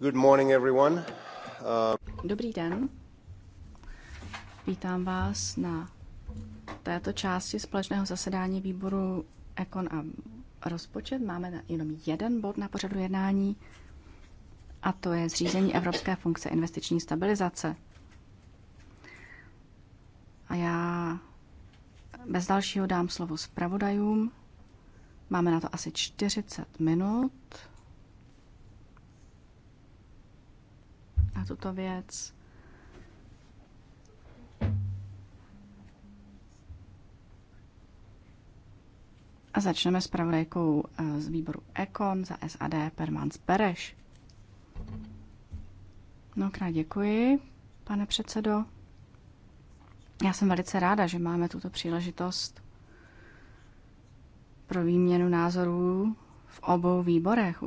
Good morning, everyone. Dobrý den. Vítám vás na této části společného zasedání výboru Ekon a rozpočet. Máme jenom jeden bod na pořadu jednání a to je zřízení Evropské funkce investiční stabilizace. A já bez dalšího dám slovo zpravodajům. Máme na to asi 40 minut. tuto věc. A začneme s pravodajkou eh, z výboru Ekon za SAD Permans Bereš. krát děkuji, pane předsedo. Já jsem velice ráda, že máme tuto příležitost pro výměnu názorů v obou výborech.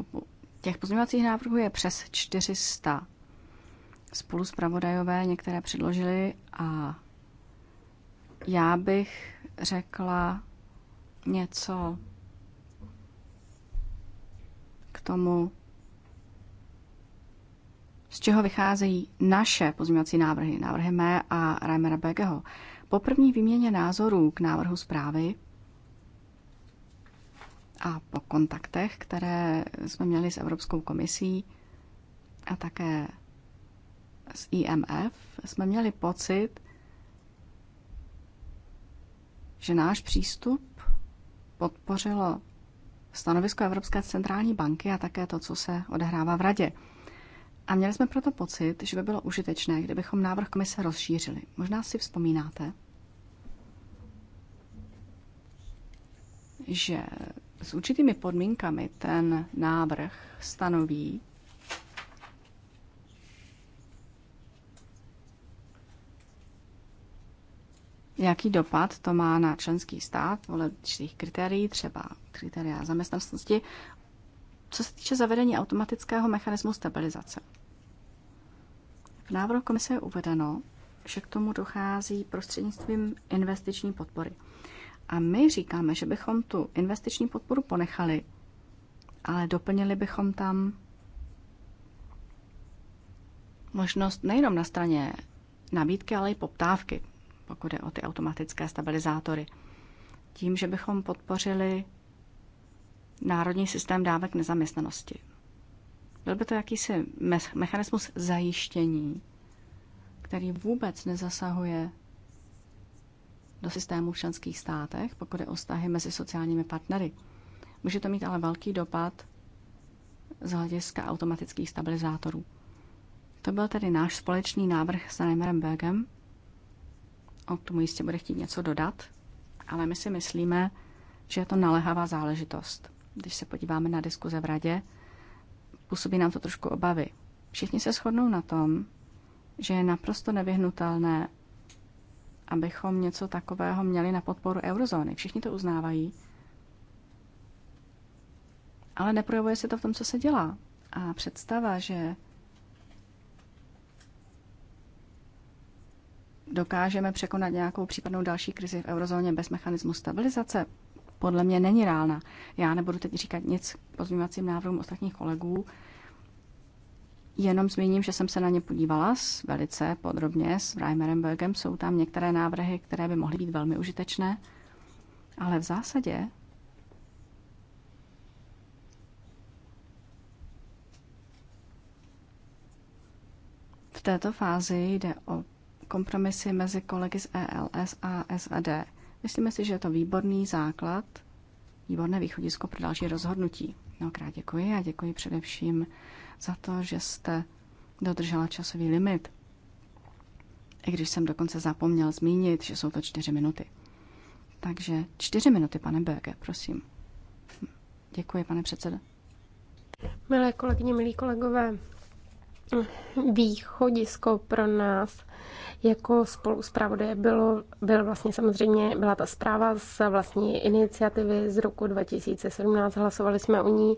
Těch pozměňovacích návrhů je přes 400 spolu zpravodajové některé předložili a já bych řekla něco k tomu, z čeho vycházejí naše pozměňovací návrhy, návrhy mé a Reimera Begeho. Po první výměně názorů k návrhu zprávy a po kontaktech, které jsme měli s Evropskou komisí a také z IMF jsme měli pocit, že náš přístup podpořilo stanovisko Evropské centrální banky a také to, co se odehrává v radě. A měli jsme proto pocit, že by bylo užitečné, kdybychom návrh komise rozšířili. Možná si vzpomínáte, že s určitými podmínkami ten návrh stanoví, Jaký dopad to má na členský stát podle těch kritérií, třeba kritéria zaměstnanosti, co se týče zavedení automatického mechanismu stabilizace? V návrhu komise je uvedeno, že k tomu dochází prostřednictvím investiční podpory. A my říkáme, že bychom tu investiční podporu ponechali, ale doplnili bychom tam možnost nejenom na straně nabídky, ale i poptávky pokud je o ty automatické stabilizátory. Tím, že bychom podpořili národní systém dávek nezaměstnanosti. Byl by to jakýsi mechanismus zajištění, který vůbec nezasahuje do systému v členských státech, pokud je o vztahy mezi sociálními partnery. Může to mít ale velký dopad z hlediska automatických stabilizátorů. To byl tedy náš společný návrh s Neymarem Bergem on k tomu jistě bude chtít něco dodat, ale my si myslíme, že je to naléhavá záležitost. Když se podíváme na diskuze v radě, působí nám to trošku obavy. Všichni se shodnou na tom, že je naprosto nevyhnutelné, abychom něco takového měli na podporu eurozóny. Všichni to uznávají, ale neprojevuje se to v tom, co se dělá. A představa, že dokážeme překonat nějakou případnou další krizi v eurozóně bez mechanismu stabilizace, podle mě není reálná. Já nebudu teď říkat nic k pozměňovacím návrhům ostatních kolegů, jenom zmíním, že jsem se na ně podívala velice podrobně s Reimerem Bergem. Jsou tam některé návrhy, které by mohly být velmi užitečné, ale v zásadě v této fázi jde o kompromisy mezi kolegy z ELS a SAD. Myslíme si, že je to výborný základ, výborné východisko pro další rozhodnutí. Mnohokrát děkuji a děkuji především za to, že jste dodržela časový limit. I když jsem dokonce zapomněl zmínit, že jsou to čtyři minuty. Takže čtyři minuty, pane Berge, prosím. Děkuji, pane předsedo. Milé kolegyně, milí kolegové, východisko pro nás jako spolu spoluspravodaje bylo, byl vlastně samozřejmě, byla ta zpráva z vlastní iniciativy z roku 2017, hlasovali jsme o ní,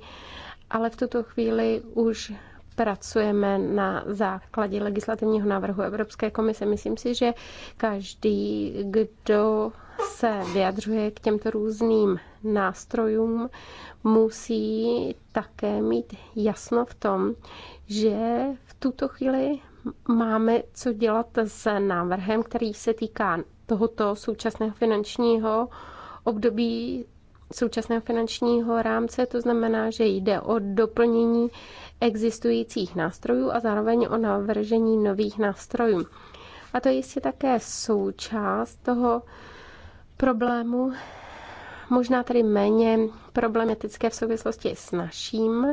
ale v tuto chvíli už pracujeme na základě legislativního návrhu Evropské komise. Myslím si, že každý, kdo se vyjadřuje k těmto různým nástrojům, musí také mít jasno v tom, že v tuto chvíli máme co dělat s návrhem, který se týká tohoto současného finančního období současného finančního rámce, to znamená, že jde o doplnění existujících nástrojů a zároveň o navržení nových nástrojů. A to je jistě také součást toho problému, možná tedy méně problematické v souvislosti s naším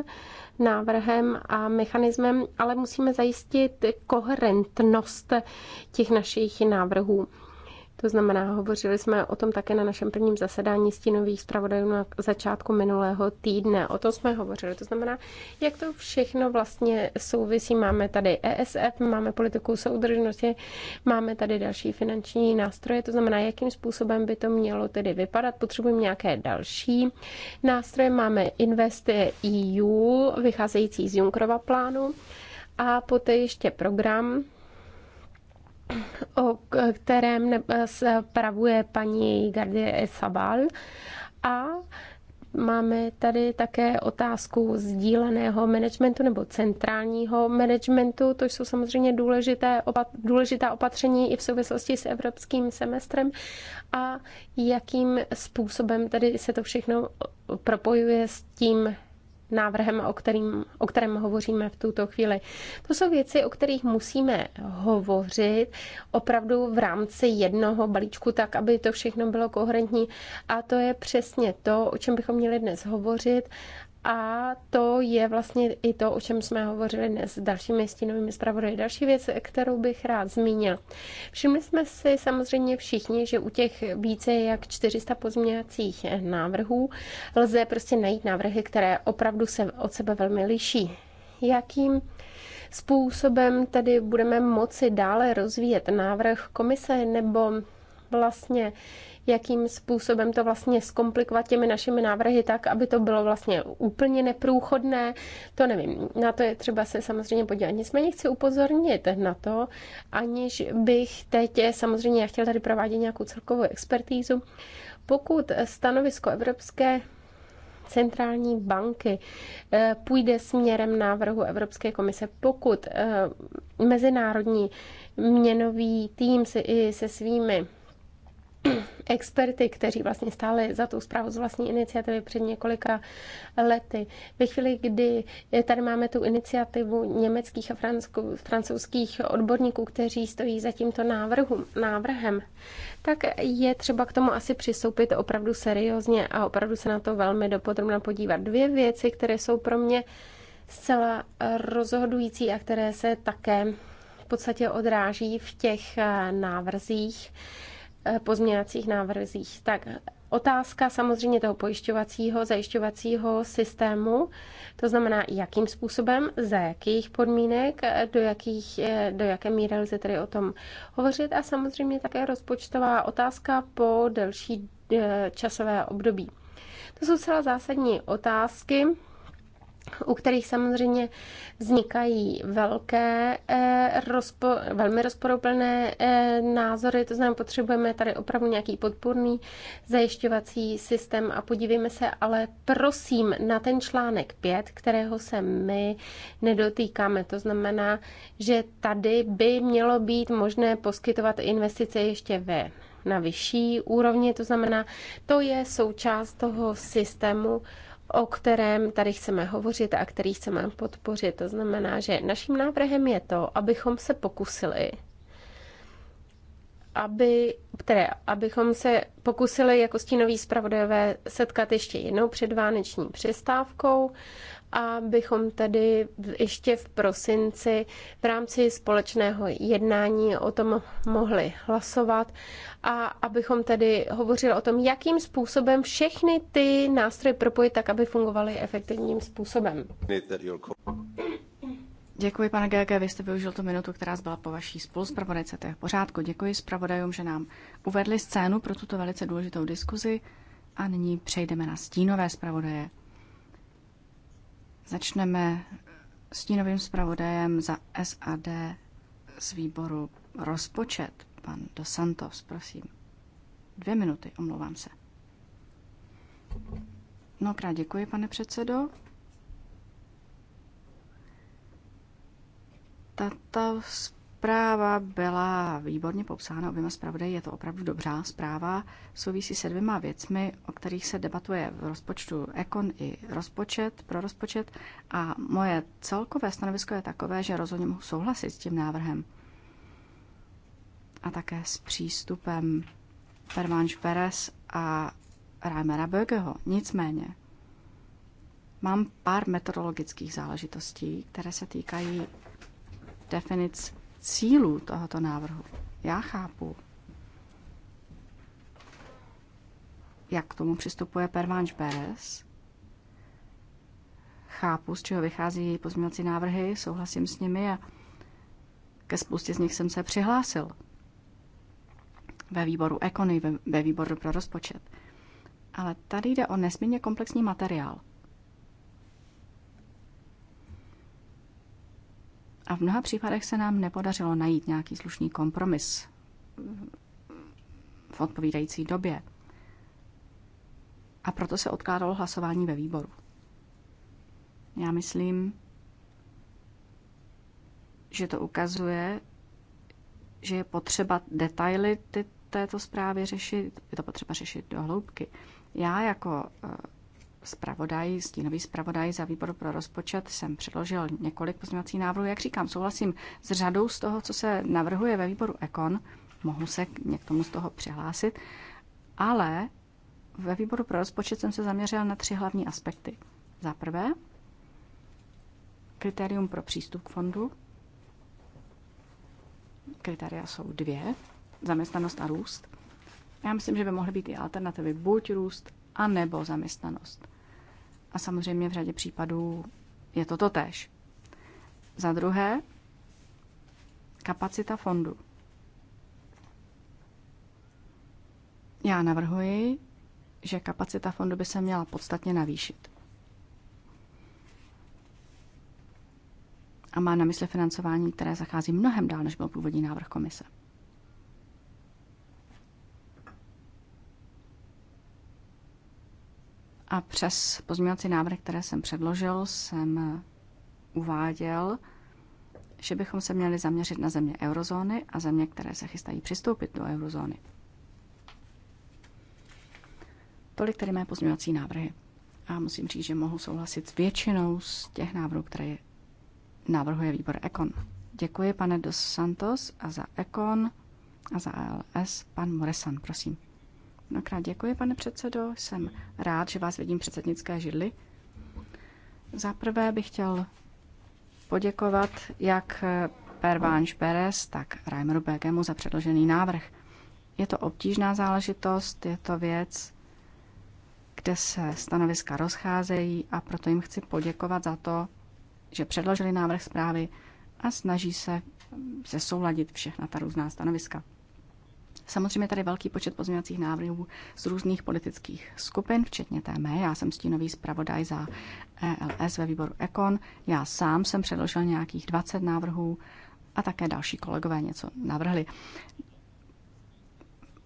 návrhem a mechanismem, ale musíme zajistit koherentnost těch našich návrhů. To znamená, hovořili jsme o tom také na našem prvním zasedání stínových zpravodajů na začátku minulého týdne. O tom jsme hovořili. To znamená, jak to všechno vlastně souvisí. Máme tady ESF, máme politiku soudržnosti, máme tady další finanční nástroje. To znamená, jakým způsobem by to mělo tedy vypadat. Potřebujeme nějaké další nástroje. Máme Invest EU, vycházející z Junkrova plánu a poté ještě program o kterém se pravuje paní Gardie Sabal. A máme tady také otázku sdíleného managementu nebo centrálního managementu. To jsou samozřejmě důležité opat, důležitá opatření i v souvislosti s evropským semestrem a jakým způsobem tady se to všechno propojuje s tím návrhem, o, kterým, o kterém hovoříme v tuto chvíli. To jsou věci, o kterých musíme hovořit opravdu v rámci jednoho balíčku, tak aby to všechno bylo koherentní. A to je přesně to, o čem bychom měli dnes hovořit a to je vlastně i to, o čem jsme hovořili dnes s dalšími stínovými zpravodaji. Další věc, kterou bych rád zmínil. Všimli jsme si samozřejmě všichni, že u těch více jak 400 pozměňovacích návrhů lze prostě najít návrhy, které opravdu se od sebe velmi liší. Jakým způsobem tedy budeme moci dále rozvíjet návrh komise nebo vlastně jakým způsobem to vlastně zkomplikovat těmi našimi návrhy tak, aby to bylo vlastně úplně neprůchodné, to nevím. Na to je třeba se samozřejmě podívat. Nicméně chci upozornit na to, aniž bych teď eh, samozřejmě já chtěla tady provádět nějakou celkovou expertízu, pokud stanovisko Evropské centrální banky eh, půjde směrem návrhu Evropské komise, pokud eh, mezinárodní měnový tým se i se svými experty, kteří vlastně stáli za tu zprávu z vlastní iniciativy před několika lety. Ve chvíli, kdy tady máme tu iniciativu německých a francouzských odborníků, kteří stojí za tímto návrhu, návrhem, tak je třeba k tomu asi přistoupit opravdu seriózně a opravdu se na to velmi dopodrobně podívat. Dvě věci, které jsou pro mě zcela rozhodující a které se také v podstatě odráží v těch eh, návrzích, Eh, pozměňovacích návrzích. Tak otázka samozřejmě toho pojišťovacího, zajišťovacího systému, to znamená, jakým způsobem, za jakých podmínek, eh, do, jakých, eh, do jaké míry lze tedy o tom hovořit a samozřejmě také rozpočtová otázka po delší časové období. To jsou celá zásadní otázky, u kterých samozřejmě vznikají velké, eh, rozpo, velmi rozporuplné eh, názory, to znamená, potřebujeme tady opravdu nějaký podporný zajišťovací systém a podívejme se ale prosím na ten článek 5, kterého se my nedotýkáme. To znamená, že tady by mělo být možné poskytovat investice ještě ve na vyšší úrovni, to znamená, to je součást toho systému o kterém tady chceme hovořit a který chceme podpořit. To znamená, že naším návrhem je to, abychom se pokusili aby, které, abychom se pokusili jako stínoví zpravodajové setkat ještě jednou před vánoční přestávkou, abychom tedy ještě v prosinci v rámci společného jednání o tom mohli hlasovat a abychom tedy hovořili o tom, jakým způsobem všechny ty nástroje propojit tak, aby fungovaly efektivním způsobem. Děkuji, pane GG, vy jste využil tu minutu, která zbyla po vaší spoluzpravodajce, to je v pořádku. Děkuji zpravodajům, že nám uvedli scénu pro tuto velice důležitou diskuzi a nyní přejdeme na stínové zpravodaje. Začneme stínovým zpravodajem za SAD z výboru rozpočet, pan Dos Santos, prosím. Dvě minuty, omlouvám se. Mnohokrát děkuji, pane předsedo. Tato zpráva byla výborně popsána oběma zpravodaji, je to opravdu dobrá zpráva. Souvisí se dvěma věcmi, o kterých se debatuje v rozpočtu Ekon i rozpočet, pro rozpočet. A moje celkové stanovisko je takové, že rozhodně mohu souhlasit s tím návrhem. A také s přístupem Pervanš Perez a Reimera Bögeho. Nicméně, mám pár metodologických záležitostí, které se týkají definic cílů tohoto návrhu. Já chápu, jak k tomu přistupuje Pervanš Beres. Chápu, z čeho vychází její pozměňovací návrhy, souhlasím s nimi a ke spoustě z nich jsem se přihlásil ve výboru ekony, ve výboru pro rozpočet. Ale tady jde o nesmírně komplexní materiál. A v mnoha případech se nám nepodařilo najít nějaký slušný kompromis v odpovídající době. A proto se odkládalo hlasování ve výboru. Já myslím, že to ukazuje, že je potřeba detaily ty, této zprávy řešit, je to potřeba řešit do hloubky. Já jako eh, zpravodaj, stínový zpravodaj za výbor pro rozpočet jsem předložil několik pozměňovacích návrhů. Jak říkám, souhlasím s řadou z toho, co se navrhuje ve výboru Ekon. Mohu se k tomu z toho přihlásit. Ale ve výboru pro rozpočet jsem se zaměřil na tři hlavní aspekty. Za prvé, kritérium pro přístup k fondu. Kritéria jsou dvě, zaměstnanost a růst. Já myslím, že by mohly být i alternativy buď růst, a nebo zaměstnanost. A samozřejmě v řadě případů je to totéž. Za druhé, kapacita fondu. Já navrhuji, že kapacita fondu by se měla podstatně navýšit. A má na mysli financování, které zachází mnohem dál, než byl původní návrh komise. A přes pozměňovací návrh, které jsem předložil, jsem uváděl, že bychom se měli zaměřit na země eurozóny a země, které se chystají přistoupit do eurozóny. Tolik tedy mé pozměňovací návrhy. A musím říct, že mohu souhlasit s většinou z těch návrhů, které navrhuje výbor Ekon. Děkuji, pane Dos Santos, a za Ekon a za ALS. Pan Moresan, prosím. Mnohokrát děkuji, pane předsedo. Jsem rád, že vás vidím předsednické židly. Za prvé bych chtěl poděkovat jak Pervánš Beres, tak Reimeru Begemu za předložený návrh. Je to obtížná záležitost, je to věc, kde se stanoviska rozcházejí a proto jim chci poděkovat za to, že předložili návrh zprávy a snaží se zesouladit všechna ta různá stanoviska. Samozřejmě tady velký počet pozměňovacích návrhů z různých politických skupin, včetně té mé. Já jsem stínový zpravodaj za ELS ve výboru Ekon. Já sám jsem předložil nějakých 20 návrhů a také další kolegové něco navrhli.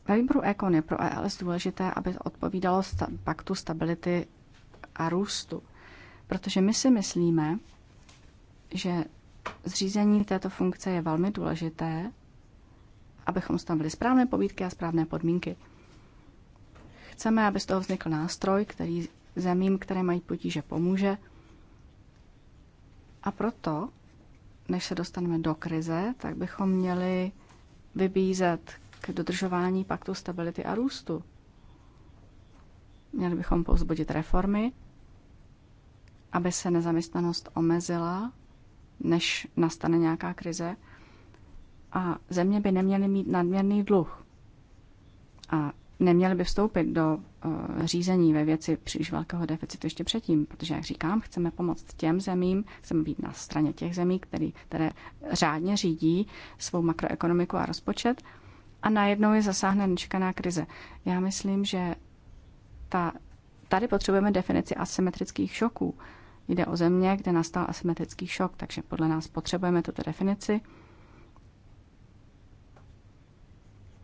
Ve výboru Ekon je pro ELS důležité, aby odpovídalo sta- paktu stability a růstu. Protože my si myslíme, že zřízení této funkce je velmi důležité abychom stavili správné pobídky a správné podmínky. Chceme, aby z toho vznikl nástroj, který zemím, které mají potíže, pomůže. A proto, než se dostaneme do krize, tak bychom měli vybízet k dodržování paktu stability a růstu. Měli bychom povzbudit reformy, aby se nezaměstnanost omezila, než nastane nějaká krize a země by neměly mít nadměrný dluh a neměly by vstoupit do uh, řízení ve věci příliš velkého deficitu ještě předtím, protože, jak říkám, chceme pomoct těm zemím, chceme být na straně těch zemí, který, které řádně řídí svou makroekonomiku a rozpočet a najednou je zasáhne nečekaná krize. Já myslím, že ta, tady potřebujeme definici asymetrických šoků. Jde o země, kde nastal asymetrický šok, takže podle nás potřebujeme tuto definici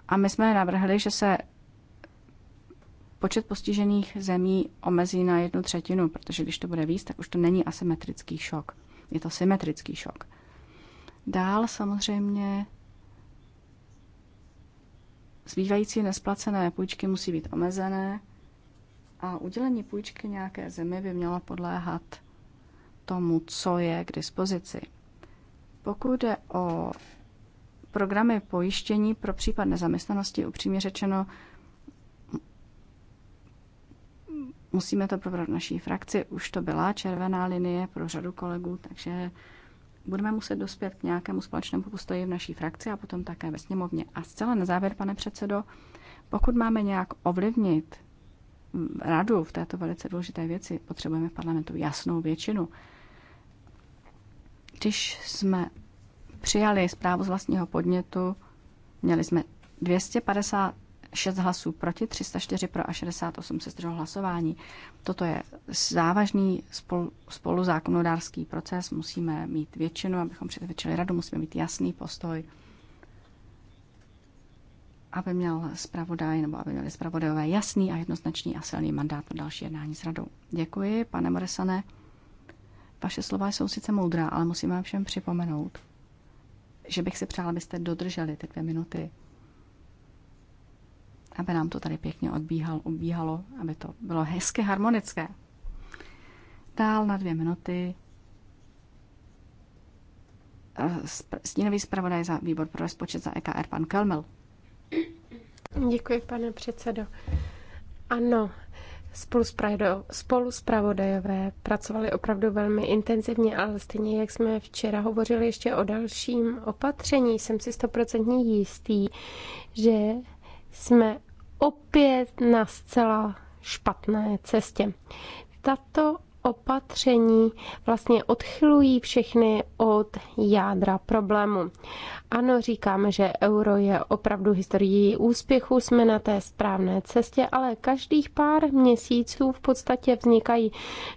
A my jsme navrhli, že se počet postižených zemí omezí na jednu třetinu, protože když to bude víc, tak už to není asymetrický šok. Je to symetrický šok. Dál samozřejmě zbývající nesplacené půjčky musí být omezené a udělení půjčky nějaké zemi by mělo podléhat tomu, co je k dispozici. Pokud jde o programy pojištění pro případ nezaměstnanosti, upřímně řečeno, musíme to probrat v naší frakci. Už to byla červená linie pro řadu kolegů, takže budeme muset dospět k nějakému společnému postoji v naší frakci a potom také ve sněmovně. A zcela na závěr, pane předsedo, pokud máme nějak ovlivnit radu v této velice důležité věci, potřebujeme v parlamentu jasnou většinu. Když jsme přijali zprávu z vlastního podnětu, měli jsme 256 hlasů proti, 304 pro a 68 se zdrželo hlasování. Toto je závažný spolu, spoluzákonodárský proces. Musíme mít většinu, abychom přesvědčili radu, musíme mít jasný postoj, aby měl zpravodaj nebo aby měli zpravodajové jasný a jednoznačný a silný mandát pro další jednání s radou. Děkuji, pane Moresane. Vaše slova jsou sice moudrá, ale musím vám všem připomenout, že bych si přála, abyste dodrželi ty dvě minuty. Aby nám to tady pěkně odbíhal, ubíhalo, aby to bylo hezky harmonické. Dál na dvě minuty eh, stínový zpravodaj za výbor pro rozpočet za EKR, pan Kelmel. Děkuji, pane předsedo. Ano, Spolu spoluspravodajové pracovali opravdu velmi intenzivně, ale stejně jak jsme včera hovořili ještě o dalším opatření, jsem si stoprocentně jistý, že jsme opět na zcela špatné cestě. Tato opatření vlastně odchylují všechny od jádra problému. Ano, říkáme, že euro je opravdu historií úspěchu, jsme na té správné cestě, ale každých pár měsíců v podstatě vznikají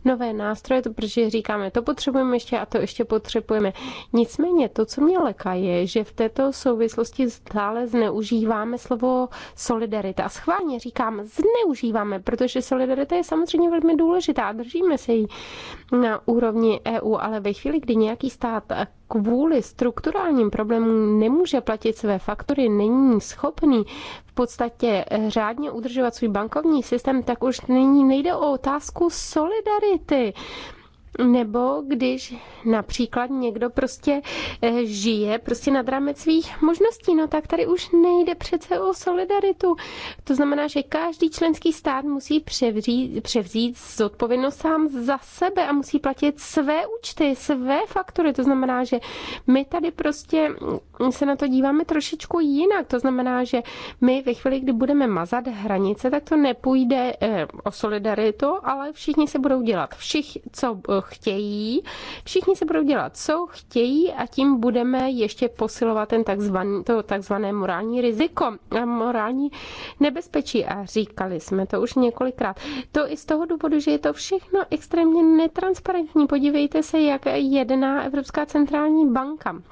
nové nástroje, protože říkáme, to potřebujeme ještě a to ještě potřebujeme. Nicméně to, co mě leká, je, že v této souvislosti stále zneužíváme slovo solidarita. A schválně říkám, zneužíváme, protože solidarita je samozřejmě velmi důležitá a držíme se jí na úrovni EU, ale ve chvíli, kdy nějaký stát kvůli strukturálním problémům nemůže platit své faktory, není schopný v podstatě eh, řádně udržovat svůj bankovní systém, tak už nyní nejde o otázku solidarity nebo když například někdo prostě eh, žije prostě nad rámec svých možností, no tak tady už nejde přece o solidaritu. To znamená, že každý členský stát musí převzít, převzít zodpovědnost sám za sebe a musí platit své účty, své faktory. To znamená, že my tady prostě mm, se na to díváme trošičku jinak. To znamená, že my ve chvíli, kdy budeme mazat hranice, tak to nepůjde eh, o solidaritu, ale všichni se budou dělat. Všich, co eh, chtějí. Všichni se budou dělat, co chtějí a tím budeme ještě posilovat ten takzvaný, to takzvané morální riziko a morální nebezpečí. A říkali jsme to už několikrát. To i z toho důvodu, že je to všechno extrémně netransparentní. Podívejte se, jak jedná Evropská centrální banka.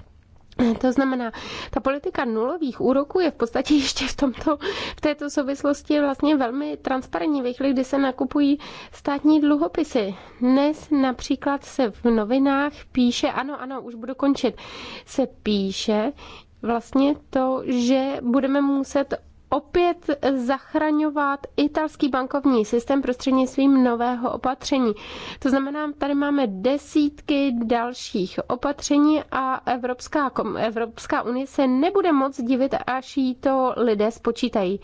To znamená, ta politika nulových úroků je v podstatě ještě v, tomto, v této souvislosti vlastně velmi transparentní ve chvíli, kdy se nakupují státní dluhopisy. Dnes například se v novinách píše, ano, ano, už budu končit, se píše, vlastně to, že budeme muset opět zachraňovat italský bankovní systém prostřednictvím nového opatření. To znamená, tady máme desítky dalších opatření a Evropská, Evropská unie se nebude moc divit, až jí to lidé spočítají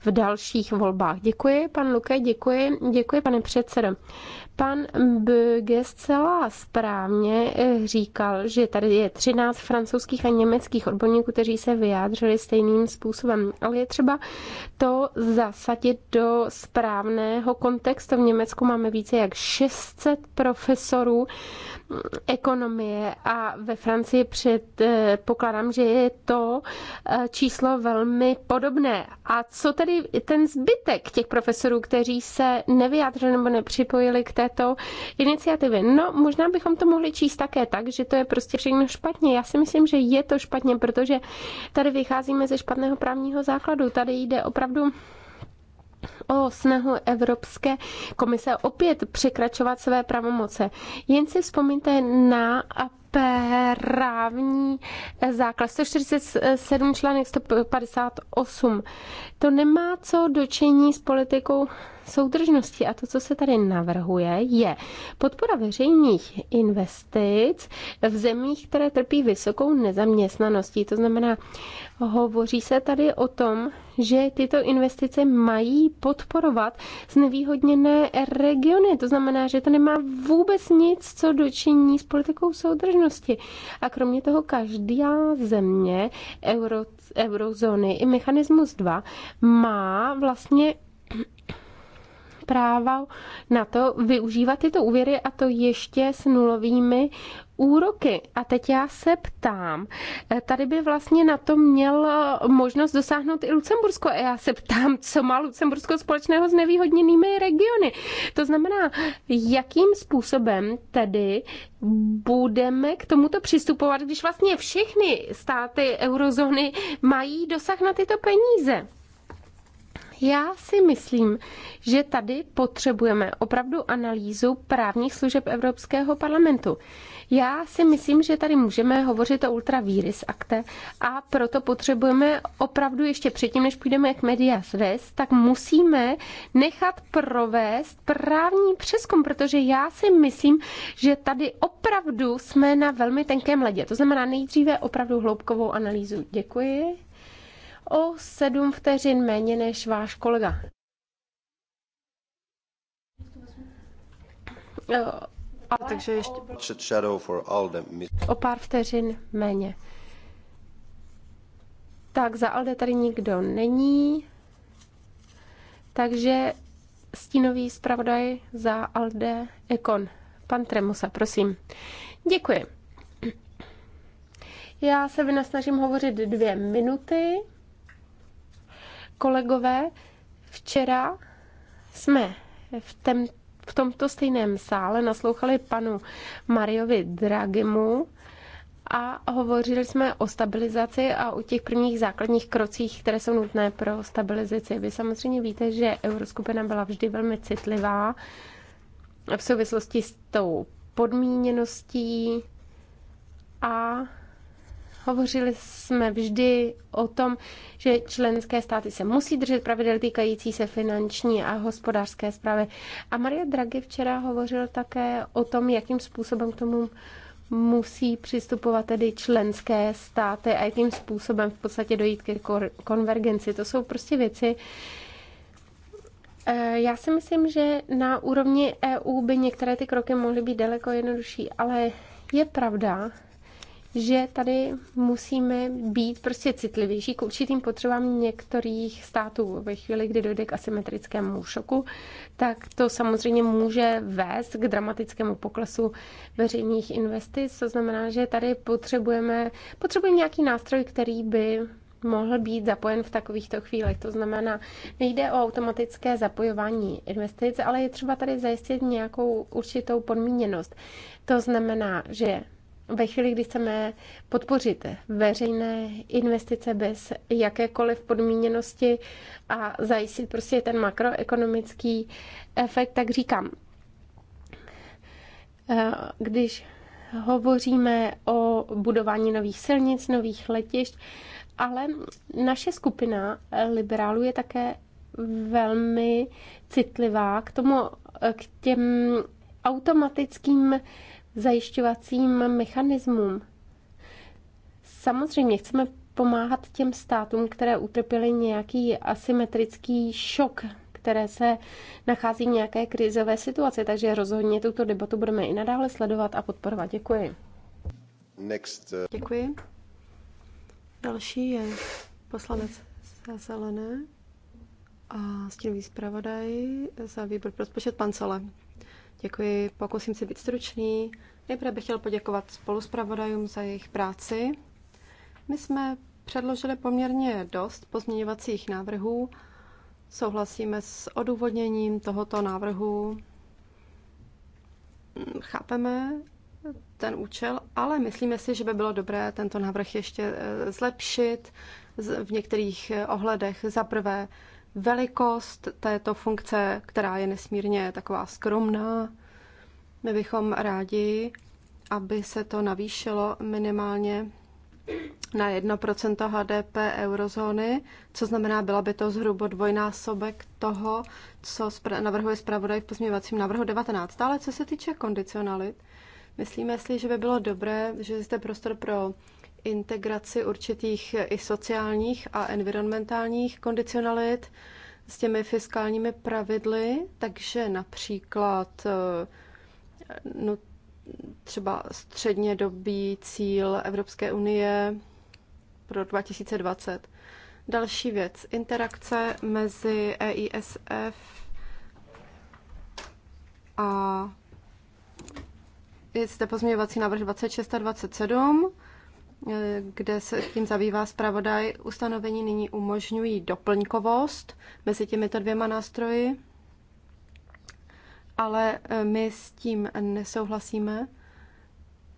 v dalších volbách. Děkuji, pan Luke, děkuji, děkuji, pane předsedo. Pan Böge zcela správně eh, říkal, že tady je 13 francouzských a německých odborníků, kteří se vyjádřili stejným způsobem, ale je třeba to zasadit do správného kontextu. V Německu máme více jak 600 profesorů, ekonomie a ve Francii předpokládám, že je to eh, číslo velmi podobné. A co tedy ten zbytek těch profesorů, kteří se nevyjádřili nebo nepřipojili k této iniciativě? No, možná bychom to mohli číst také tak, že to je prostě všechno špatně. Já si myslím, že je to špatně, protože tady vycházíme ze špatného právního základu. Tady jde opravdu o snahu Evropské komise opět překračovat své pravomoce. Jen si vzpomeňte na právní základ 147 článek 158. To nemá co dočení s politikou soudržnosti. A to, co se tady navrhuje, je podpora veřejných investic v zemích, které trpí vysokou nezaměstnaností. To znamená, hovoří se tady o tom, že tyto investice mají podporovat znevýhodněné regiony. To znamená, že to nemá vůbec nic, co dočiní s politikou soudržnosti. A kromě toho každá země euro, eurozóny i mechanismus 2 má vlastně práva na to využívat tyto úvěry a to ještě s nulovými úroky. A teď já se ptám, eh, tady by vlastně na to měl eh, možnost dosáhnout i Lucembursko. A já se ptám, co má Lucembursko společného s nevýhodněnými regiony. To znamená, jakým způsobem tedy budeme k tomuto přistupovat, když vlastně všechny státy eurozóny mají dosah na tyto peníze. Já si myslím, že tady potřebujeme opravdu analýzu právních služeb Evropského parlamentu. Já si myslím, že tady můžeme hovořit o ultravíris akte a proto potřebujeme opravdu ještě předtím, než půjdeme jak media res, tak musíme nechat provést právní přeskum, protože já si myslím, že tady opravdu jsme na velmi tenkém ledě. To znamená nejdříve opravdu hloubkovou analýzu. Děkuji o 7 vteřin méně než váš kolega. Eh, a Takže ještě... O pár vteřin méně. Tak za Alde tady nikdo není. Takže stínový zpravodaj za Alde Ekon. Pan Tremusa, prosím. Děkuji. Já se vynasnažím hovořit dvě minuty. Kolegové, včera jsme v, tem, v tomto stejném sále naslouchali panu Mariovi Dragimu a hovořili jsme o stabilizaci a o těch prvních základních krocích, které jsou nutné pro stabilizaci. Vy samozřejmě víte, že euroskupina byla vždy velmi citlivá v souvislosti s tou podmíněností a Hovořili jsme vždy o tom, že členské státy se musí držet pravidel týkající se finanční a hospodářské zprávy. A Maria Draghi včera hovořil také o tom, jakým způsobem k tomu musí přistupovat tedy členské státy a jakým způsobem v podstatě dojít ke konvergenci. To jsou prostě věci, eh, já si myslím, že na úrovni EU by některé ty kroky mohly být daleko jednodušší, ale je pravda, že tady musíme být prostě citlivější k určitým potřebám některých států. Ve chvíli, kdy dojde k asymetrickému šoku, tak to samozřejmě může vést k dramatickému poklesu veřejných investic. To znamená, že tady potřebujeme, potřebujeme nějaký nástroj, který by mohl být zapojen v takovýchto chvílech. To znamená, nejde o automatické zapojování investic, ale je třeba tady zajistit nějakou určitou podmíněnost. To znamená, že ve chvíli, kdy chceme podpořit veřejné investice bez jakékoliv podmíněnosti a zajistit prostě ten makroekonomický efekt, tak říkám, eh, když hovoříme o budování nových silnic, nových letišť, ale naše skupina liberálů je také velmi citlivá k tomu, eh, k těm automatickým zajišťovacím mechanismům. Samozřejmě chceme pomáhat těm státům, které utrpěly nějaký asymetrický šok, které se nachází v nějaké krizové situaci. Takže rozhodně tuto debatu budeme i nadále sledovat a podporovat. Děkuji. Next. Eh, Děkuji. Další je poslanec za zelené a stínový zpravodaj za výbor pro rozpočet pan Sole. Děkuji, pokusím se být stručný. Nejprve bych chtěl poděkovat spoluspravodajům za jejich práci. My jsme předložili poměrně dost pozměňovacích návrhů. Souhlasíme s odůvodněním tohoto návrhu. Chápeme ten účel, ale myslíme si, že by bylo dobré tento návrh ještě eh, zlepšit v některých eh, ohledech. Za prvé, velikost této funkce, která je nesmírně taková skromná. My bychom rádi, aby se to navýšilo minimálně na 1% HDP eurozóny, co znamená, byla by to zhruba dvojnásobek toho, co navrhuje zpravodaj v pozměňovacím návrhu 19. Ale co se týče kondicionalit, myslíme si, že by bylo dobré, že zde prostor pro integraci určitých i sociálních a environmentálních kondicionalit s těmi fiskálními pravidly, takže například eh, no, třeba střednědobý cíl Evropské unie pro 2020. Další věc, interakce mezi EISF a je zde pozměňovací návrh 26 a 27 Eh, kde se tím zabývá zpravodaj, ustanovení nyní umožňují doplňkovost mezi těmito dvěma nástroji, ale eh, my s tím nesouhlasíme,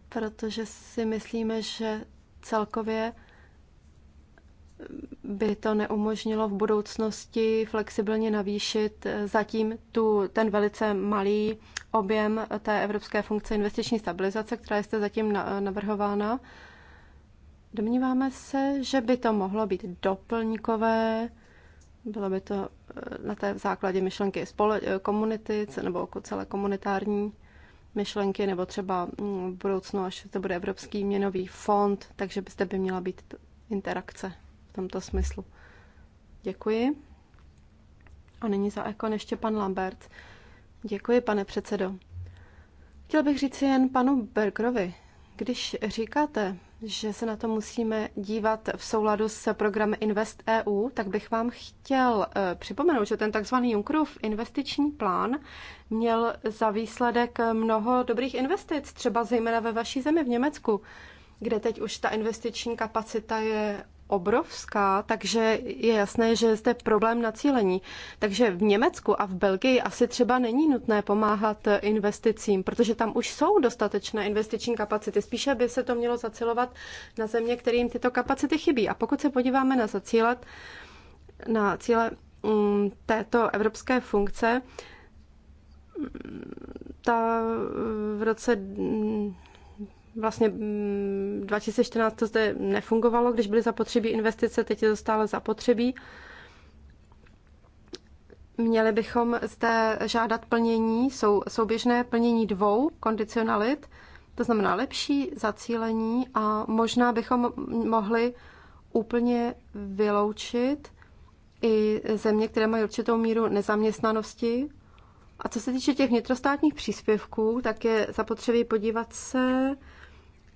protože si myslíme, že celkově eh, by to neumožnilo v budoucnosti flexibilně navýšit zatím tu, ten velice malý objem té evropské funkce investiční stabilizace, která je zde zatím navrhována. Domníváme se, že by to mohlo být doplňkové, bylo by to eh, na té základě myšlenky eh, komunity nebo jako celé komunitární myšlenky, nebo třeba mm, v budoucnu, až to bude Evropský měnový fond, takže byste by měla být interakce v tomto smyslu. Děkuji. A nyní za Ekon ještě pan Lambert. Děkuji, pane předsedo. Chtěl bych říct jen panu Bergerovi, když říkáte, že se na to musíme dívat v souladu s programem Invest EU, tak bych vám chtěl eh, připomenout, že ten takzvaný Junckerův investiční plán měl za výsledek mnoho dobrých investic, třeba zejména ve vaší zemi v Německu, kde teď už ta investiční kapacita je obrovská, takže je jasné, že je zde problém na cílení. Takže v Německu a v Belgii asi třeba není nutné pomáhat investicím, protože tam už jsou dostatečné investiční kapacity. Spíše by se to mělo zacilovat na země, kterým tyto kapacity chybí. A pokud se podíváme na zacílet, na cíle mm, této evropské funkce, mm, ta v roce mm, vlastně 2014 mm, to zde nefungovalo, když byly zapotřebí investice, teď je to stále zapotřebí. Měli bychom zde žádat plnění, jsou souběžné plnění dvou kondicionalit, to znamená lepší zacílení a možná bychom mohli úplně vyloučit i země, které mají určitou míru nezaměstnanosti. A co se týče těch vnitrostátních příspěvků, tak je zapotřebí podívat se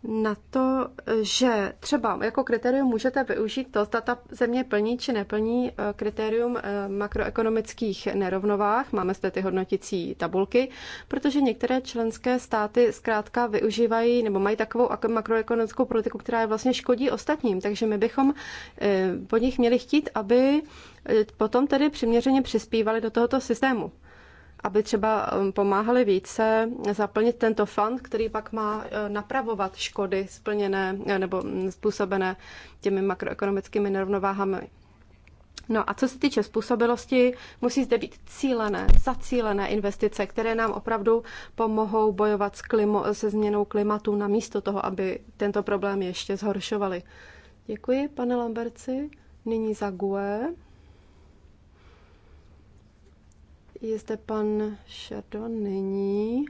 na to, že třeba jako kritérium můžete využít to, zda ta země plní či neplní eh, kritérium eh, makroekonomických nerovnovách. Máme zde ty hodnotící tabulky, protože některé členské státy zkrátka využívají nebo mají takovou makroekonomickou politiku, která je vlastně škodí ostatním. Takže my bychom eh, po nich měli chtít, aby potom tedy přiměřeně přispívali do tohoto systému aby třeba um, pomáhali více zaplnit tento fond, který pak má uh, napravovat škody splněné uh, nebo mm, způsobené těmi makroekonomickými nerovnováhami. No a co se týče způsobilosti, musí zde být cílené, zacílené investice, které nám opravdu pomohou bojovat s klimo, se změnou klimatu namísto toho, aby tento problém ještě zhoršovaly. Děkuji, pane Lamberci. Nyní za GUE. Je zde pan Šado? Není.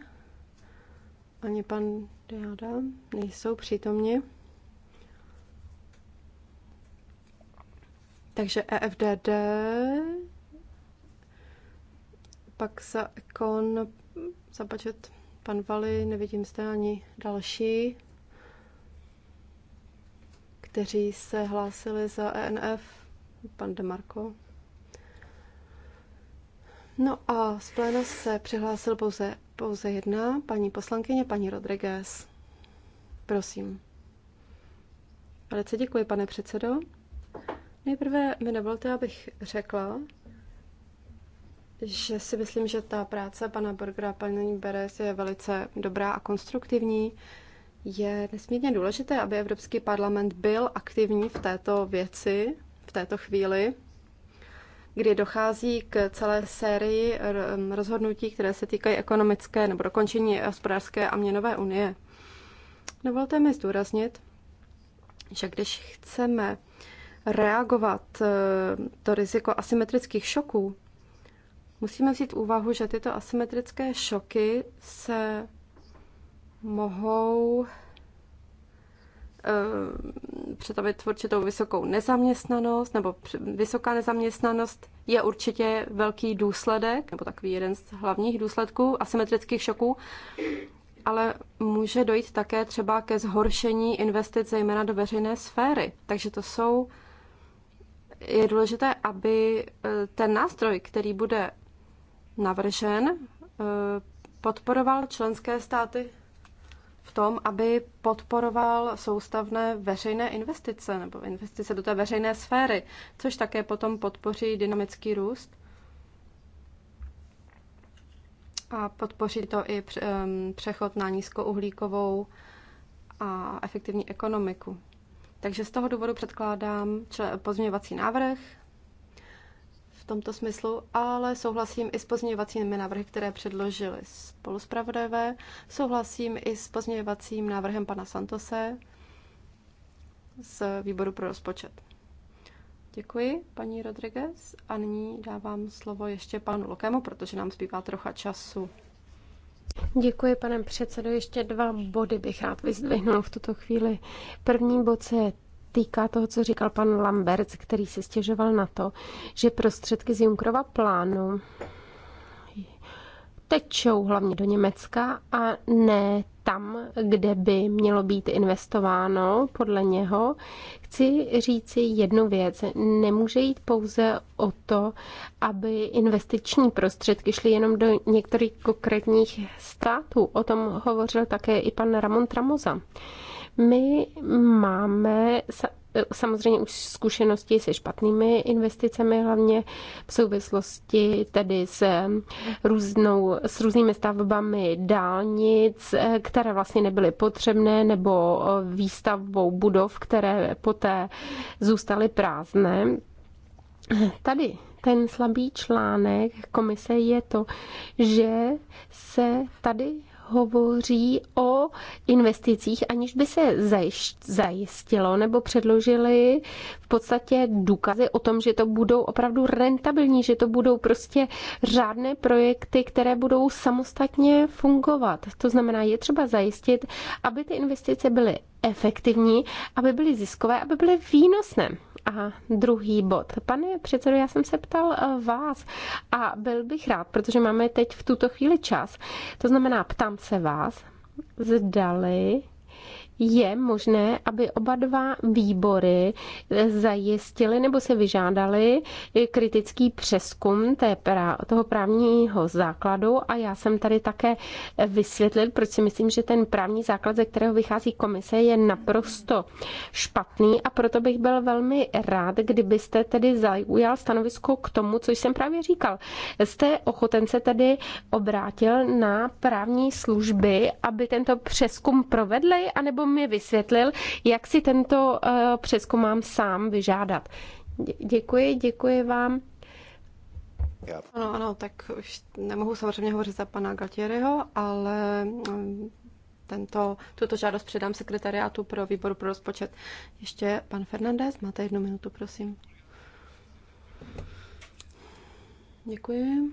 Ani pan Deada? Nejsou přítomni. Takže EFDD, pak za Ekon, za budget pan Vali, nevidím zde ani další, kteří se hlásili za ENF, pan Demarko. No a z pléna se přihlásil pouze, pouze jedna, paní poslankyně, paní Rodriguez. Prosím. Velice děkuji, pane předsedo. Nejprve mi dovolte, abych řekla, že si myslím, že ta práce pana Borgera a paní Beres je velice dobrá a konstruktivní. Je nesmírně důležité, aby Evropský parlament byl aktivní v této věci, v této chvíli, kdy dochází k celé sérii rozhodnutí, které se týkají ekonomické nebo dokončení hospodářské a měnové unie. Dovolte mi zdůraznit, že když chceme reagovat e, to riziko asymetrických šoků, musíme vzít v úvahu, že tyto asymetrické šoky se mohou Eh, představit určitou vysokou nezaměstnanost, nebo vysoká nezaměstnanost je určitě velký důsledek, nebo takový jeden z hlavních důsledků asymetrických šoků, ale může dojít také třeba ke zhoršení investic, zejména do veřejné sféry. Takže to jsou, je důležité, aby eh, ten nástroj, který bude navržen, eh, podporoval členské státy v tom, aby podporoval soustavné veřejné investice nebo investice do té veřejné sféry, což také potom podpoří dynamický růst a podpoří to i přechod na nízkouhlíkovou a efektivní ekonomiku. Takže z toho důvodu předkládám pozměňovací návrh v tomto smyslu, ale souhlasím i s pozměňovacími návrhy, které předložili spoluspravodajové. Souhlasím i s pozměňovacím návrhem pana Santose z výboru pro rozpočet. Děkuji, paní Rodriguez. A nyní dávám slovo ještě panu Lokému, protože nám zbývá trocha času. Děkuji, pane předsedo. Ještě dva body bych rád vyzdvihnul v tuto chvíli. První bod se týká toho, co říkal pan Lambert, který se stěžoval na to, že prostředky z Junkrova plánu tečou hlavně do Německa a ne tam, kde by mělo být investováno podle něho. Chci říci jednu věc. Nemůže jít pouze o to, aby investiční prostředky šly jenom do některých konkrétních států. O tom hovořil také i pan Ramon Tramoza. My máme samozřejmě už zkušenosti se špatnými investicemi, hlavně v souvislosti tedy s, eh, různou, s různými stavbami dálnic, eh, které vlastně nebyly potřebné, nebo eh, výstavbou budov, které poté zůstaly prázdné. Tady ten slabý článek komise je to, že se tady hovoří o investicích, aniž by se zajistilo nebo předložili v podstatě důkazy o tom, že to budou opravdu rentabilní, že to budou prostě řádné projekty, které budou samostatně fungovat. To znamená, je třeba zajistit, aby ty investice byly efektivní, aby byly ziskové, aby byly výnosné a druhý bod. Pane předsedo, já jsem se ptal eh, vás a byl bych rád, protože máme teď v tuto chvíli čas. To znamená, ptám se vás, zdali je možné, aby oba dva výbory zajistili nebo se vyžádali kritický přeskum té, toho právního základu a já jsem tady také vysvětlil, proč si myslím, že ten právní základ, ze kterého vychází komise, je naprosto špatný a proto bych byl velmi rád, kdybyste tedy zaujal stanovisko k tomu, co jsem právě říkal. Jste ochoten se tedy obrátil na právní služby, aby tento přeskum provedli, anebo abychom mi vysvětlil, jak si tento eh, přeskum mám sám vyžádat. Děkuji, děkuji vám. Ano, ano, tak už nemohu samozřejmě hovořit za pana Galtieriho, ale mm, tento, tuto žádost předám sekretariátu pro výbor pro rozpočet. Ještě pan Fernandez, máte jednu minutu, prosím. Děkuji.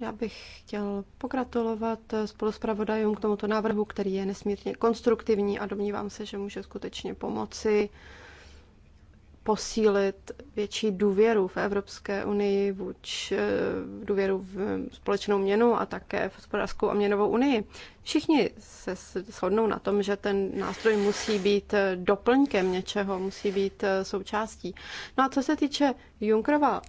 Já bych chtěl pogratulovat spoluspravodajům k tomuto návrhu, který je nesmírně konstruktivní a domnívám se, že může skutečně pomoci posílit větší důvěru v Evropské unii, vůč eh, důvěru v společnou měnu a také v hospodářskou a měnovou unii. Všichni se shodnou na tom, že ten nástroj musí být eh, doplňkem něčeho, musí být eh, součástí. No a co se týče Junkrova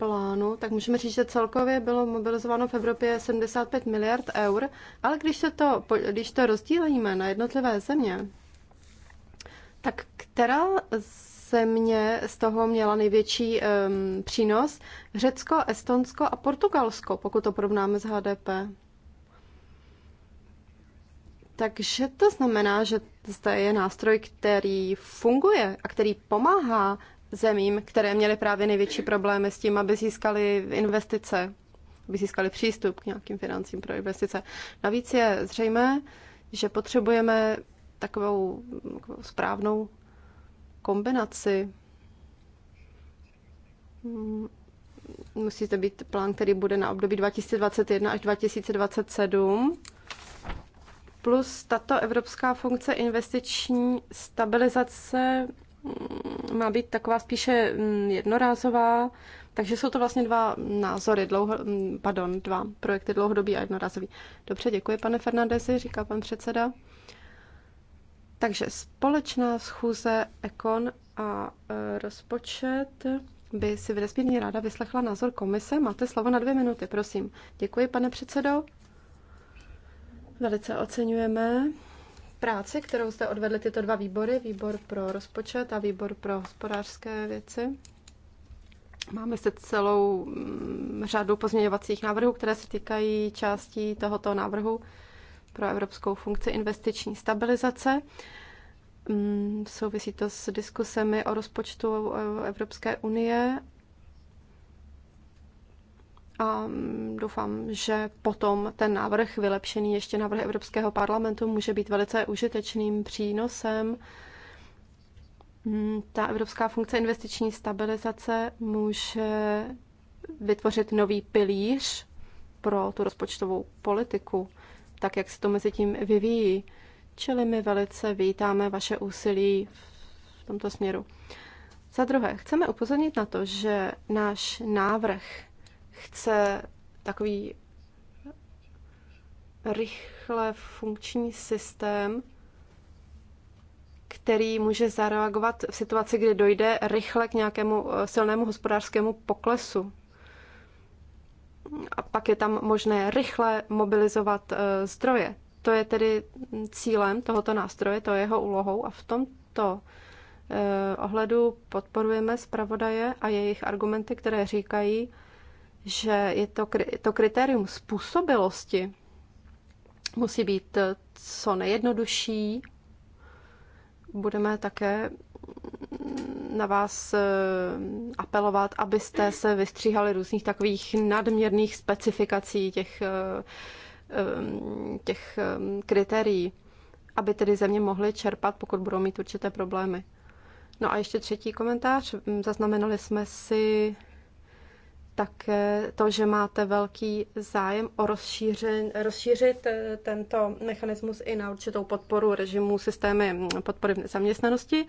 plánu, tak můžeme říct, že celkově bylo mobilizováno v Evropě 75 miliard eur, ale když, se to, když to rozdílíme na jednotlivé země, tak která země z toho měla největší um, přínos? Řecko, Estonsko a Portugalsko, pokud to porovnáme s HDP. Takže to znamená, že zde je nástroj, který funguje a který pomáhá zemím, které měly právě největší problémy s tím, aby získali investice, aby získali přístup k nějakým financím pro investice. Navíc je zřejmé, že potřebujeme takovou, takovou správnou kombinaci. Musíte být plán, který bude na období 2021 až 2027 plus tato evropská funkce investiční stabilizace má být taková spíše mm, jednorázová, takže jsou to vlastně dva názory, dlouho, mm, pardon, dva projekty dlouhodobý a jednorázový. Dobře, děkuji, pane Fernandezi, říká pan předseda. Takže společná schůze Ekon a e, rozpočet by si nesmírně ráda vyslechla názor komise. Máte slovo na dvě minuty, prosím. Děkuji, pane předsedo. Velice oceňujeme práci, kterou jste odvedli tyto dva výbory, výbor pro rozpočet a výbor pro hospodářské věci. Máme se celou mm, řadu pozměňovacích návrhů, které se týkají částí tohoto návrhu pro evropskou funkci investiční stabilizace. Mm, souvisí to s diskusemi o rozpočtu Evropské unie a mm, doufám, že potom ten návrh vylepšený ještě návrh Evropského parlamentu může být velice užitečným přínosem. Mm, ta Evropská funkce investiční stabilizace může vytvořit nový pilíř pro tu rozpočtovou politiku, tak jak se to mezi tím vyvíjí. Čili my velice vítáme vaše úsilí v tomto směru. Za druhé, chceme upozornit na to, že náš návrh chce takový rychle funkční systém, který může zareagovat v situaci, kdy dojde rychle k nějakému eh, silnému hospodářskému poklesu. A pak je tam možné rychle mobilizovat eh, zdroje. To je tedy cílem tohoto nástroje, to je jeho úlohou a v tomto eh, ohledu podporujeme zpravodaje a jejich argumenty, které říkají, že je to, to kritérium způsobilosti musí být eh, co nejjednodušší. Budeme také mm, na vás eh, apelovat, abyste se vystříhali různých takových nadměrných specifikací těch, eh, těch kritérií, aby tedy země mohly čerpat, pokud budou mít určité problémy. No a ještě třetí komentář. Mm, zaznamenali jsme si také to, že máte velký zájem o rozšířen, rozšířit eh, tento mechanismus i na určitou podporu režimu systémy podpory v nezaměstnanosti.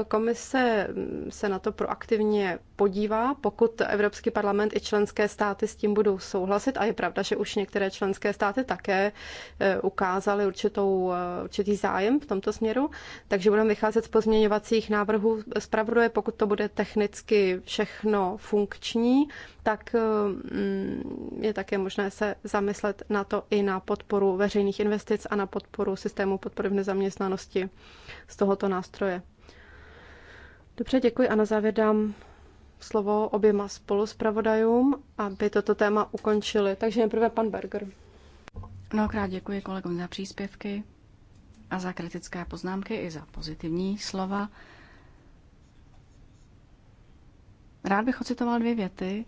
Eh, komise mm, se na to proaktivně podívá, pokud Evropský parlament i členské státy s tím budou souhlasit. A je pravda, že už některé členské státy také eh, ukázaly určitou, eh, určitý zájem v tomto směru. Takže budeme vycházet z pozměňovacích návrhů zpravoduje, pokud to bude technicky všechno funkční, tak eh, mm, je také možné se zamyslet na to i na podporu veřejných investic a na podporu systému podpory v nezaměstnanosti z tohoto nástroje. Dobře, děkuji a na závěr dám slovo oběma spoluspravodajům, aby toto téma ukončili. Takže nejprve pan Berger. Mnohokrát děkuji kolegům za příspěvky a za kritické poznámky i za pozitivní slova. Rád bych ocitoval dvě věty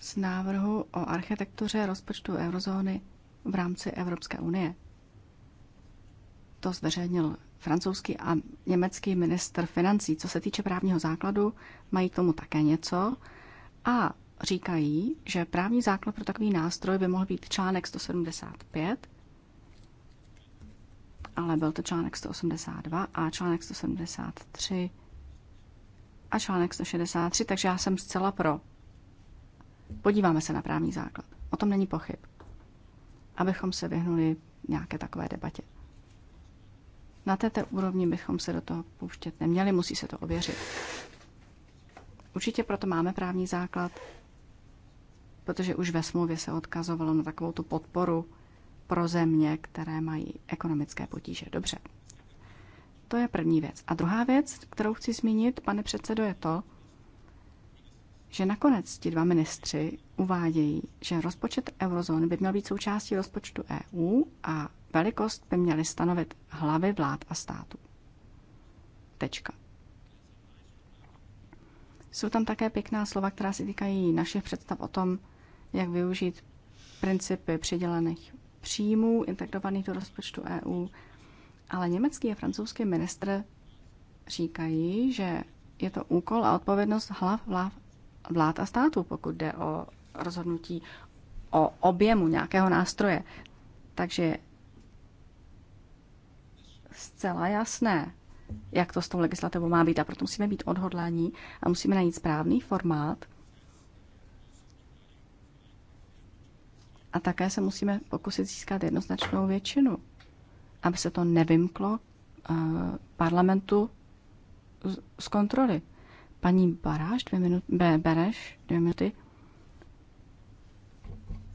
z návrhu o architektuře rozpočtu eurozóny v rámci Evropské unie. To zveřejnil francouzský a německý minister financí, co se týče právního základu, mají k tomu také něco a říkají, že právní základ pro takový nástroj by mohl být článek 175, ale byl to článek 182 a článek 173 a článek 163, takže já jsem zcela pro. Podíváme se na právní základ. O tom není pochyb. Abychom se vyhnuli nějaké takové debatě. Na této úrovni bychom se do toho pouštět neměli, musí se to ověřit. Určitě proto máme právní základ, protože už ve smlouvě se odkazovalo na takovou tu podporu pro země, které mají ekonomické potíže. Dobře. To je první věc. A druhá věc, kterou chci zmínit, pane předsedo, je to, že nakonec ti dva ministři uvádějí, že rozpočet eurozóny by měl být součástí rozpočtu EU a Velikost by měly stanovit hlavy vlád a států. Tečka. Jsou tam také pěkná slova, která se týkají našich představ o tom, jak využít principy přidělených příjmů integrovaných do rozpočtu EU, ale německý a francouzský ministr říkají, že je to úkol a odpovědnost hlav vlád a států, pokud jde o rozhodnutí o objemu nějakého nástroje. Takže zcela jasné, jak to s tou legislativou má být. A proto musíme být odhodlání a musíme najít správný formát. A také se musíme pokusit získat jednoznačnou většinu, aby se to nevymklo eh, parlamentu z kontroly. Paní Baráš, dvě minuty, B, Bereš, dvě minuty.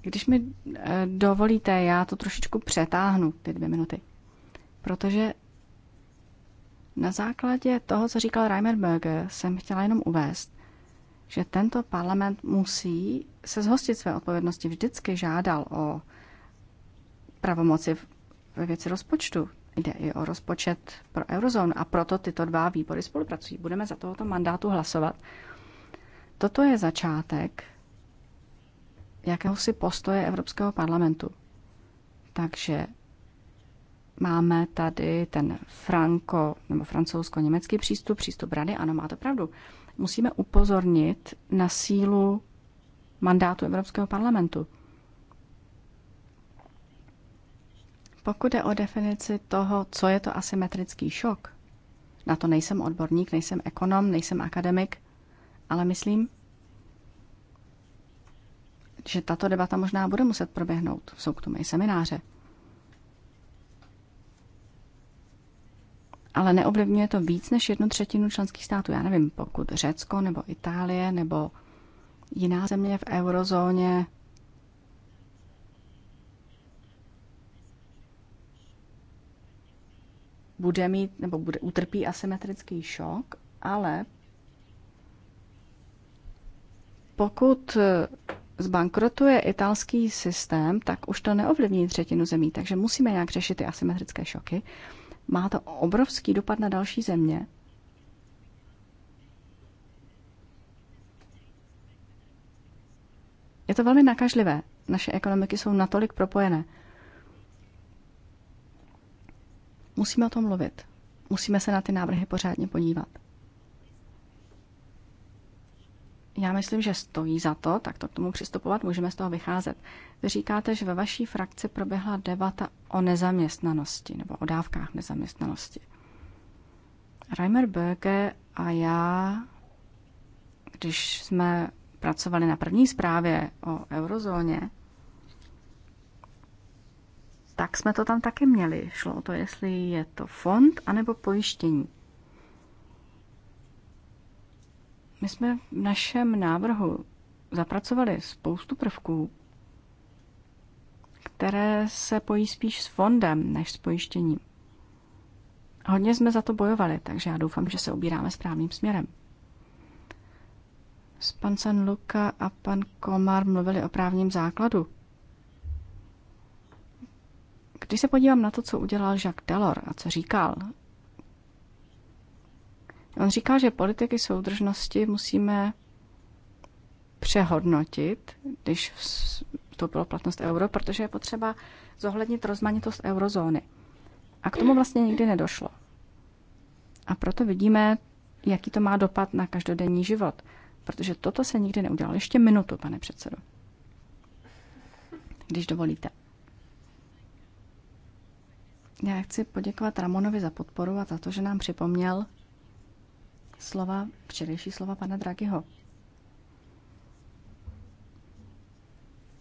Když mi eh, dovolíte, já to trošičku přetáhnu, ty dvě minuty. Protože na základě toho, co říkal Reimer Berger, jsem chtěla jenom uvést, že tento parlament musí se zhostit své odpovědnosti. Vždycky žádal o pravomoci ve věci rozpočtu. Jde i o rozpočet pro eurozónu a proto tyto dva výbory spolupracují. Budeme za tohoto mandátu hlasovat. Toto je začátek jakéhosi postoje Evropského parlamentu. Takže Máme tady ten franko nebo francouzsko-německý přístup, přístup rady, ano, máte pravdu. Musíme upozornit na sílu mandátu Evropského parlamentu. Pokud je o definici toho, co je to asymetrický šok, na to nejsem odborník, nejsem ekonom, nejsem akademik, ale myslím, že tato debata možná bude muset proběhnout. Jsou k tomu i semináře. ale neovlivňuje to víc než jednu třetinu členských států. Já nevím, pokud Řecko nebo Itálie nebo jiná země v eurozóně bude mít nebo bude utrpí asymetrický šok, ale pokud zbankrotuje italský systém, tak už to neovlivní třetinu zemí, takže musíme nějak řešit ty asymetrické šoky. Má to obrovský dopad na další země. Je to velmi nakažlivé. Naše ekonomiky jsou natolik propojené. Musíme o tom mluvit. Musíme se na ty návrhy pořádně podívat. Já myslím, že stojí za to, tak to k tomu přistupovat, můžeme z toho vycházet. Vy říkáte, že ve vaší frakci proběhla debata o nezaměstnanosti nebo o dávkách nezaměstnanosti. Reimer Böge a já, když jsme pracovali na první zprávě o eurozóně, tak jsme to tam taky měli. Šlo o to, jestli je to fond anebo pojištění. My jsme v našem návrhu zapracovali spoustu prvků, které se pojí spíš s fondem než s pojištěním. Hodně jsme za to bojovali, takže já doufám, že se ubíráme správným směrem. S pan San Luka a pan Komar mluvili o právním základu. Když se podívám na to, co udělal Jacques Delors a co říkal, On říká, že politiky soudržnosti musíme přehodnotit, když to bylo platnost euro, protože je potřeba zohlednit rozmanitost eurozóny. A k tomu vlastně nikdy nedošlo. A proto vidíme, jaký to má dopad na každodenní život. Protože toto se nikdy neudělalo. Ještě minutu, pane předsedo. Když dovolíte. Já chci poděkovat Ramonovi za podporu a za to, že nám připomněl, slova, včerejší slova pana Dragiho.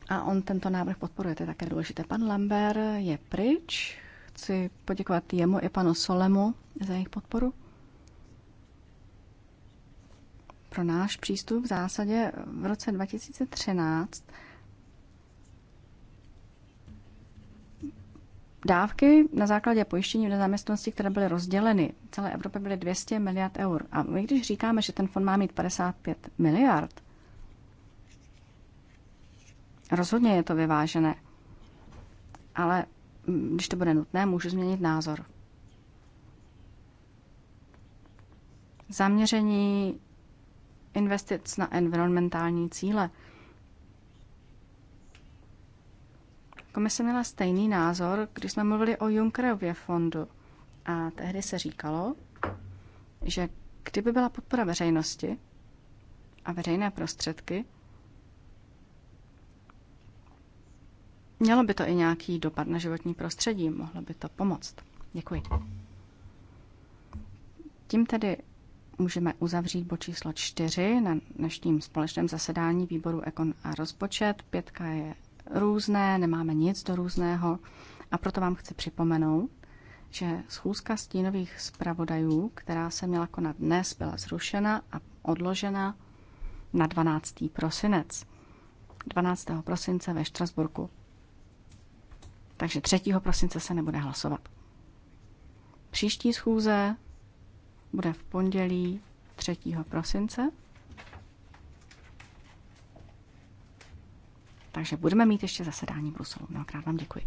A on tento návrh podporuje, to je také důležité. Pan Lambert je pryč. Chci poděkovat jemu i panu Solemu za jejich podporu. Pro náš přístup v zásadě v roce 2013 Dávky na základě pojištění v nezaměstnanosti, které byly rozděleny, v celé Evropě byly 200 miliard eur. A my, když říkáme, že ten fond má mít 55 miliard, rozhodně je to vyvážené. Ale mm, když to bude nutné, můžu změnit názor. Zaměření investic na environmentální cíle – Komise měla stejný názor, když jsme mluvili o Junckerově fondu. A tehdy se říkalo, že kdyby byla podpora veřejnosti a veřejné prostředky, mělo by to i nějaký dopad na životní prostředí, mohlo by to pomoct. Děkuji. Tím tedy můžeme uzavřít bod číslo 4 na dnešním společném zasedání výboru Ekon a rozpočet. Pětka je různé, nemáme nic do různého. A proto vám chci připomenout, že schůzka stínových zpravodajů, která se měla konat dnes, byla zrušena a odložena na 12. prosinec. 12. prosince ve Štrasburku. Takže 3. prosince se nebude hlasovat. Příští schůze bude v pondělí 3. prosince Takže budeme mít ještě zasedání v Bruselu. Mnohokrát vám děkuji.